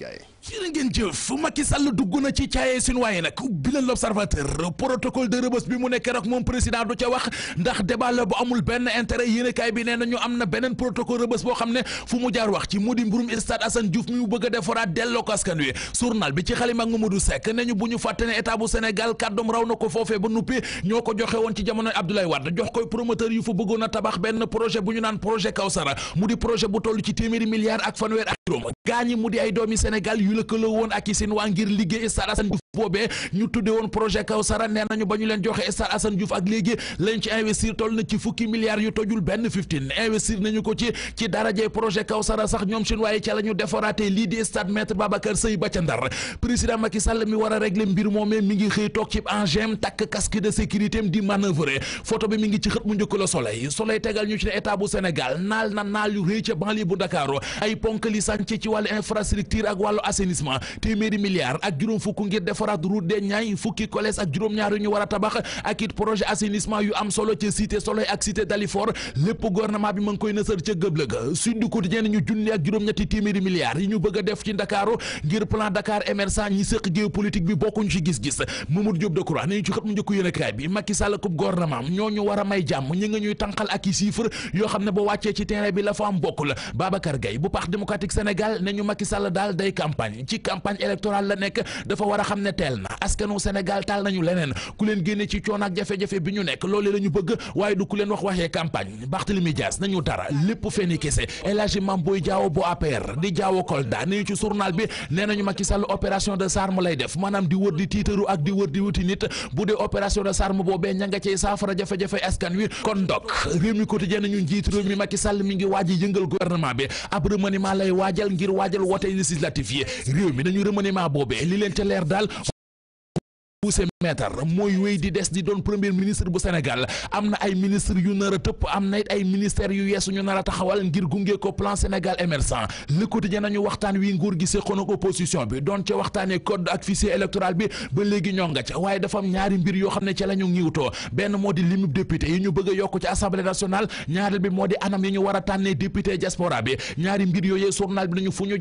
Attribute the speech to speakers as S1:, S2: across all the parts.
S1: Ndiaye jërë ngeen jëf Macky Sall dugg na ci caayee suñu waaye nag bi l'observateur protocole de Rebeuss bi mu nekk rek moom président du ca wax ndax débat la bu amul benn intérêt yéenekaay bi nee na ñu am na beneen protocole Rebeuss boo xam ne fu mu jaar wax ci mu di mburum stade Assane Diouf mi mu bëgg a defaraat delloo ko askan wi journal bi ci xalima ak Mamadou Seck ne ñu bu ñu fàtte ne état bu Sénégal kàddoom raw na ko foofee ba nuppi ñoo ko joxe woon ci jamonoy Abdoulaye Wade jox koy promoteur yu fa benn projet bu ñu naan projet Kawsara mu di projet bu juróom gaañi mu di ay doomi Sénégal yu lëkkaloo woon ak i seen ngir liggéey Sara San Diouf boobee ñu tudde woon projet Kawsara nee nañu ba ñu leen joxe Stade assan Diouf ak léegi lañ ci investir toll na ci fukki milliards yu tojul benn fifteen investir nañu ko ci ci darajee projet Kawsara sax ñoom seen waaye ca la ñu deforaate lii di stade maître Babacar Seye ba ca Ndar président Macky Sall mi wara a régler mbir moomee mi ngi xëy toog ci engin takk casque de sécurité di manœuvrer photo bi mi ngi ci xët mu njëkk la soleil soleil tegal ñu ci ne état bu Sénégal naal na naal yu rëy ca bu Dakar ay ponk li sànc ci wàllu infrastructure ak wàllu assainissement téeméeri milliards ak juróom fukk ngir def defaraat route des Niayes fukki collège ak juróom-ñaar yu ñu war a tabax ak it projet assainissement yu am solo ca cité Soleil ak cité Dalifort lépp gouvernement bi ma ngi koy nësër ca gëblëga Sud du Quotidien ñu junni ak juróom-ñetti téeméeri milliards yi ñu bëgg a def ci Ndakaaru ngir plan Dakar émergent ñi sëq géopolitique bi bokkuñu ci gis-gis Mamadou Diop Decroix nañu ci xët mu njëkk yéenekaay bi Macky Sall ak gouvernement ñoo ñu war a may jàmm ñi la ñu ne teel na askanu Sénégal taal nañu leneen ku leen génne ci coono jafe-jafe bi ñu nekk loolee la ñu bëgg waaye du ku leen wax waxee campagne Barthélemy Dias nañu dara lépp fenn kese El Hadji Mame Boye Diao bu APR di Diao Kolda ni ci journal bi nee nañu Macky Sall opération de sarme lay def maanaam di wër di tiitaru ak di wër di wuti nit bu dee opération de sarme boobee ña nga saafara jafe-jafe askan wi kon ndok réew mi quotidien ñu nañu remaniement boobee Bousse Maître mooy wéy di des di doon premier ministre bu Sénégal am na ay ministre yu nar a tëpp am na it ay ministères yu yeesu ñu nar a taxawal ngir gunge ko plan Sénégal émergent Le Quotidien nañu waxtaan wi nguur gi séqoon ak opposition bi doon ca waxtaanee code ak fichier électoral bi ba léegi ñoo nga ca waaye dafa am ñaari mbir yoo xam ne ca la ñu ñiwtoo benn moo di limub député yi ñu bëgg a yokk ci assemblée nationale ñaareel bi moo di anam yi ñu war a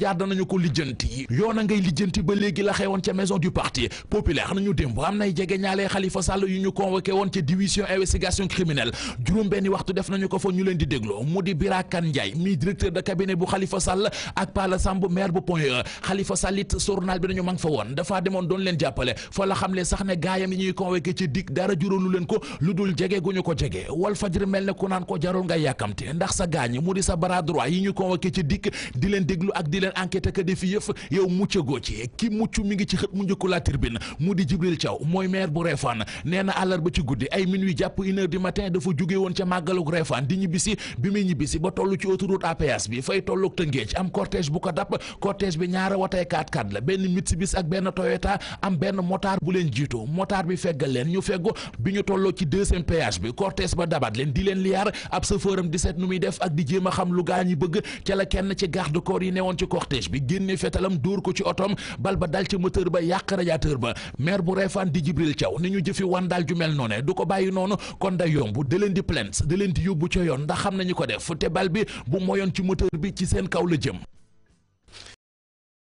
S1: a ngay lijjanti ba léegi la xewoon ca démb am nay jege ñaalee Khalifa Sall yu ñu convoqué woon ci division investigation criminelle juróom benni waxtu def nañu ko fa ñu leen di dégloo mu di Birakan Ndiaye mi directeur de cabinet bu Khalifa Sall ak Pala Samb maire bu Point E Khalifa Sall it journal demoon doon leen jàppale fa xam le sax ne gaayam yi ñuy convoqué ci dig dara juróolu leen ko lu dul jege gu ko jege wal fajri mel ne ku naan ko jarul nga yàkkamte ndax sa gaañ mu di sa bras droit yi ñu convoqué ci dikk di leen déglu ak di leen enquête ka defi yëf yow muccagoo ci ki mucc mi ngi ci xët mu njëkku la tribune mu di Jibril Thiaw mooy maire bu Réfane nee na àllarba ci guddi ay minuit jàpp une heure du matin dafa jóge woon ca màggalug Réfane di ñibbisi bi muy ñibbisi ba toll ci autoroute APS bi fay tollug Tëngéej am cortège bu ko dàpp cortège bi ñaara watay 4x4 la benn Mitsubishi ak benn Toyota am benn motard bu leen jiitu motard bi feggal leen ñu feggu bi ñu tolloo ci deuxième péage bi cortège ba dabat leen di leen liyaar ab chauffeur di 17 nu muy def ak di jéem xam lu gaa ñi bëgg ca kenn ci garde corps yi newoon ci cortège bi génne fetalam dóor ko ci otom bal ba dal ci moteur ba yàq radiateur ba Abdoulaye di Jibril Thiaw ni ñu jëfi wan daal ju mel noone du ko bàyyi noonu kon day yomb da leen di plainte da leen di yóbbu ca yoon ndax xam nañu ko def te bal bi bu moyoon ci moteur bi ci seen kaw la jëm